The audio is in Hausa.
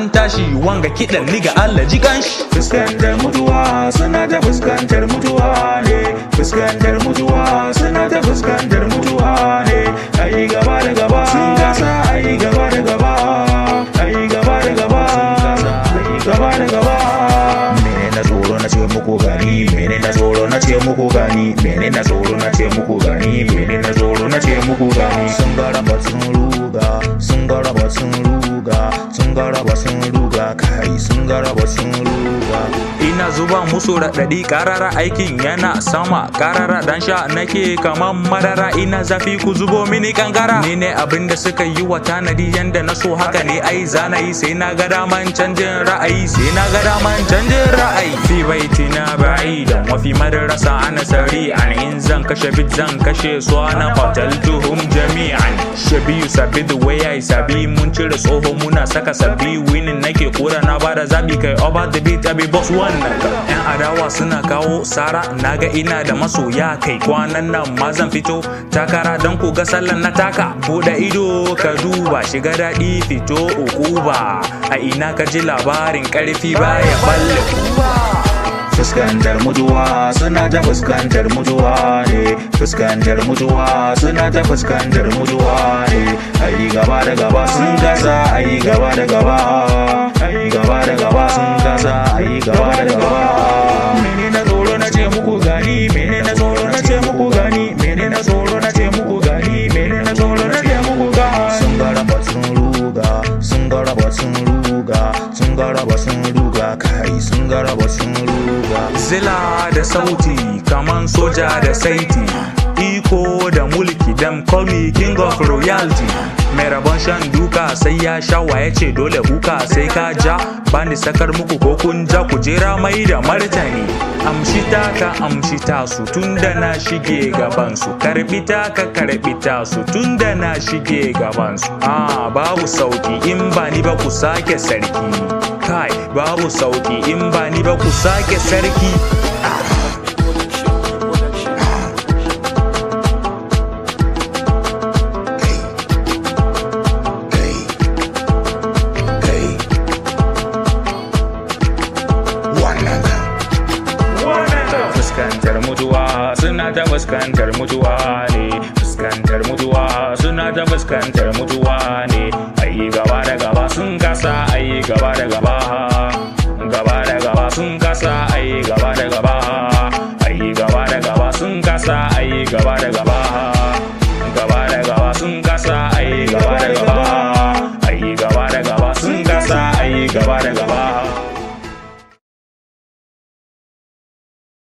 an tashi wanga kiɗan liga Allah ji ganshi fuskantar mutuwa suna ta fuskantar mutuwa ne fuskantar mutuwa suna ta fuskantar mutuwa ne ayi gaba da gaba sun gasa ayi gaba da gaba ayi gaba da gaba ayi gaba da gaba mene na tsoro na ce muku gani mene na tsoro na ce muku gani mene na tsoro na ce muku gani mene na tsoro na ce muku gani gangara sun ruwa ina zuba musu raɗaɗi karara aikin yana sama karara dan sha nake kaman madara ina zafi ku zubo mini ƙanƙara. ni ne abin da suka yi wa tanadi yanda na so haka ne ai zanayi sai na ga daman canjin ra'ayi sai na ga daman canjin ra'ayi fi bayi da mafi madarasa ana an in zan kashe bit zan kashe su ana tuhum jami'an shabiyu sabi the way I sabi mun cire tsoho muna saka sabi Winin nake kora na bada zabi kai over the beat abi boss wannan yan adawa suna kawo sara naga ina da masoya kai kwanan nan ma zan fito takara dan ku ga sallan na taka buɗe ido ka duba shiga daɗi fito uku ba a ina ka ji labarin ƙarfi baya balle kuba mutuwa suna ta fuskantar mutuwa ne eh, fuskantar mutuwa suna ta fuskantar mutuwa ne eh, ayi gaba da gaba sun kasa ayi gaba da gaba ayi gaba da gaba sun kasa ayi gaba da gaba mene na tsoro na ce muku gani mene na tsoro na ce muku gani mene na tsoro na ce muku gani mene na tsoro na ce muku gani sun gara ba sun ruga sun gara ba sun ruga sun gara ba sun ruga kai sun gara ba sun ruga zila da sauti kaman soja da saiti iko da mulki dem call me king of royalty mai rabon shan duka sai ya shawa ya ce dole buka sai ka ja bani sakar muku ko kun ja kujera mai da martani Amshita ka amshita su tun da na shige su. karbi ka karbi su tun da na shige gaban su. a babu sauki in ba ni ba ku sake sarki kai babu sauki in bani. gobe ku sake sarki fuskantar mutuwa suna ta fuskantar mutuwa ne fuskantar mutuwa suna ta fuskantar mutuwa ne ayi gaba da gaba sun kasa ayi gaba da gaba gaba sun kasa ayi gaba da gaba ayi gaba da gaba sun kasa ayi gaba da gaba gaba da gaba sun kasa ayi gaba da gaba ayi gaba da gaba sun kasa ayi gaba da gaba